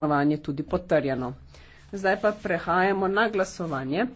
glasovanje tudi potrjeno. Zdaj pa prehajamo na glasovanje.